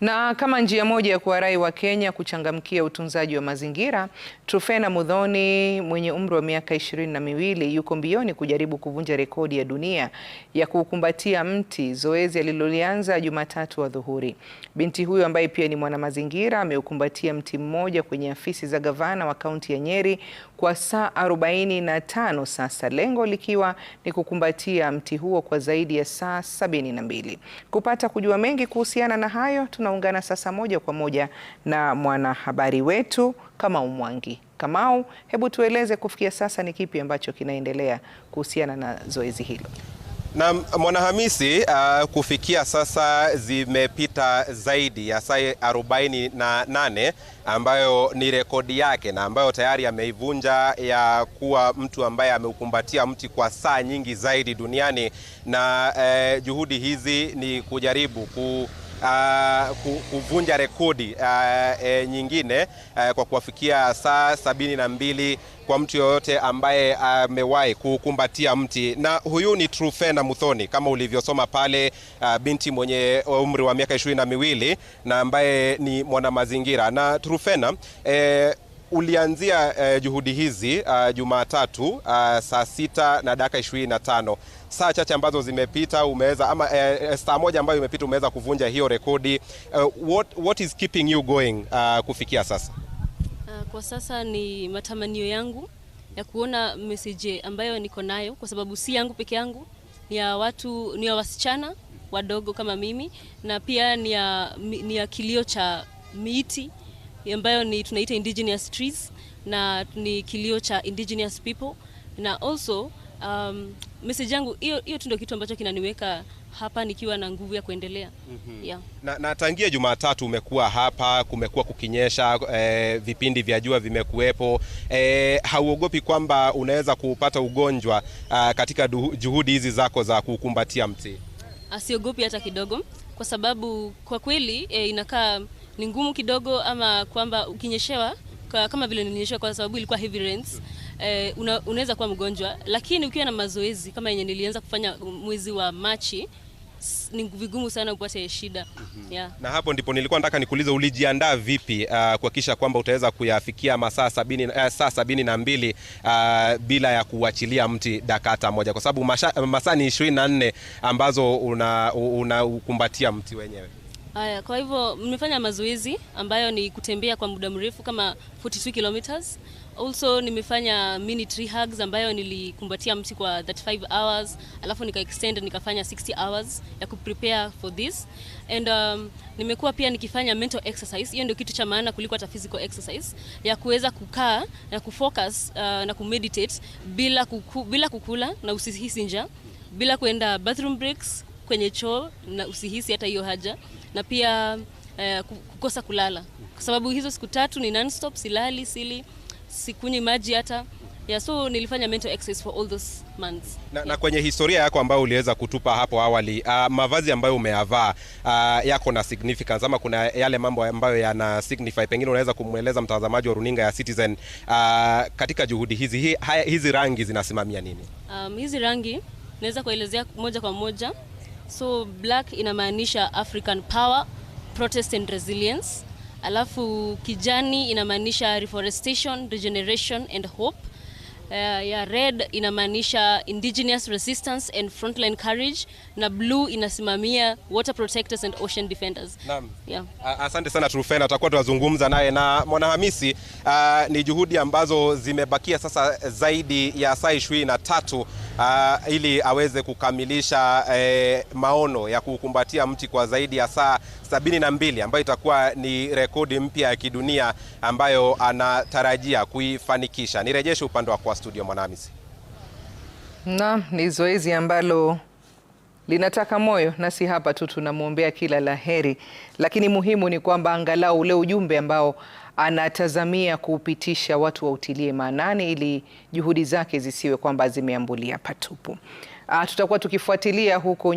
Na kama njia moja ya kuwarai kenya kuchangamkia utunzaji wa mazingira, Truphena Muthoni mwenye umri wa miaka ishirini na miwili yuko mbioni kujaribu kuvunja rekodi ya dunia ya kuukumbatia mti, zoezi alilolianza Jumatatu adhuhuri. Binti huyo ambaye pia ni mwanamazingira ameukumbatia mti mmoja kwenye afisi za gavana wa kaunti ya Nyeri kwa saa arobaini na tano sasa, lengo likiwa ni kukumbatia mti huo kwa zaidi ya saa sabini na mbili. Kupata kujua mengi kuhusiana na hayo tuna tunaungana sasa moja kwa moja na mwanahabari wetu Kamau Mwangi. Kamau, hebu tueleze kufikia sasa ni kipi ambacho kinaendelea kuhusiana na zoezi hilo? Na Mwanahamisi, uh, kufikia sasa zimepita zaidi ya saa 48 ambayo ni rekodi yake na ambayo tayari ameivunja ya kuwa mtu ambaye ameukumbatia mti kwa saa nyingi zaidi duniani na uh, juhudi hizi ni kujaribu ku uh, kuvunja rekodi uh, e, nyingine uh, kwa kuwafikia saa sabini na mbili kwa mtu yoyote ambaye amewahi uh, kukumbatia mti, na huyu ni Truphena Muthoni kama ulivyosoma pale uh, binti mwenye umri wa miaka ishirini na miwili na ambaye ni mwanamazingira na Truphena eh, ulianzia uh, juhudi hizi uh, Jumatatu uh, saa sita na dakika ishirini na tano saa chache ambazo zimepita umeweza ama uh, saa moja ambayo imepita umeweza kuvunja hiyo rekodi. Uh, what, what is keeping you going uh, kufikia sasa? Uh, kwa sasa ni matamanio yangu ya kuona message ambayo niko nayo, kwa sababu si yangu peke yangu, ni ya watu, ni ya wasichana wadogo kama mimi, na pia ni ya, ni ya kilio cha miti ambayo ni tunaita indigenous trees na ni kilio cha indigenous people na also um, message yangu hiyo hiyo tu ndio kitu ambacho kinaniweka hapa nikiwa na nguvu ya kuendelea. mm -hmm. yeah. Na, na tangia Jumatatu umekuwa hapa, kumekuwa kukinyesha eh, vipindi vya jua vimekuwepo. Eh, hauogopi kwamba unaweza kupata ugonjwa ah, katika juhudi hizi zako za kukumbatia mti? Asiogopi ah, hata kidogo, kwa sababu kwa kweli eh, inakaa ni ngumu kidogo, ama kwamba ukinyeshewa kwa, kama vile nilinyeshewa kwa sababu ilikuwa heavy rains eh, una, unaweza kuwa mgonjwa, lakini ukiwa na mazoezi kama yenye nilianza kufanya mwezi wa Machi ni vigumu sana upate shida mm -hmm. yeah. Na hapo ndipo nilikuwa nataka nikuulize ulijiandaa vipi uh, kuhakikisha kwamba utaweza kuyafikia masaa sabini, uh, saa sabini na mbili uh, bila ya kuachilia mti dakika hata moja, kwa sababu masaa ni ishirini na nne ambazo unakumbatia una mti wenyewe. Haya, kwa hivyo nimefanya mazoezi ambayo ni kutembea kwa muda mrefu kama 42 kilometers. Also nimefanya mini tree hugs ambayo nilikumbatia mti kwa 35 hours, alafu nika extend nikafanya 60 hours ya kuprepare for this. And um, nimekuwa pia nikifanya mental exercise. Hiyo ndio kitu cha maana kuliko hata physical exercise ya kuweza kukaa na kufocus uh, na kumeditate bila kuku, bila kukula na usihisi njaa, bila kuenda bathroom breaks kwenye choo na usihisi hata hiyo haja, na pia eh, kukosa kulala, kwa sababu hizo siku tatu ni non-stop, silali, sili, sikunywi maji hata ya Yeah, so nilifanya mental exercise for all those months. Na, yeah. Na kwenye historia yako ambayo uliweza kutupa hapo awali, uh, mavazi ambayo umeyavaa uh, yako na significance ama kuna yale mambo ambayo yana signify, pengine unaweza kumweleza mtazamaji wa runinga ya Citizen uh, katika juhudi hizi hi, hizi rangi zinasimamia nini? Um, hizi rangi naweza kuelezea moja kwa moja So black inamaanisha African power, protest and resilience. Alafu kijani inamaanisha reforestation, regeneration and hope. Uh, ya red inamaanisha indigenous resistance and frontline courage na blue inasimamia water protectors and ocean defenders. Naam. Yeah. Asante sana Trufena, tutakuwa tunazungumza naye na Mwanahamisi. Uh, ni juhudi ambazo zimebakia sasa zaidi ya saa ishirini na tatu uh, ili aweze kukamilisha eh, maono ya kukumbatia mti kwa zaidi ya saa sabini na mbili ambayo itakuwa ni rekodi mpya ya kidunia ambayo anatarajia kuifanikisha. Nirejeshe upande wa kwa studio Mwanamisi. Naam, ni zoezi ambalo linataka moyo, na si hapa tu tunamwombea kila la heri, lakini muhimu ni kwamba angalau ule ujumbe ambao anatazamia kuupitisha watu wautilie maanani, ili juhudi zake zisiwe kwamba zimeambulia patupu. Ah, tutakuwa tukifuatilia huko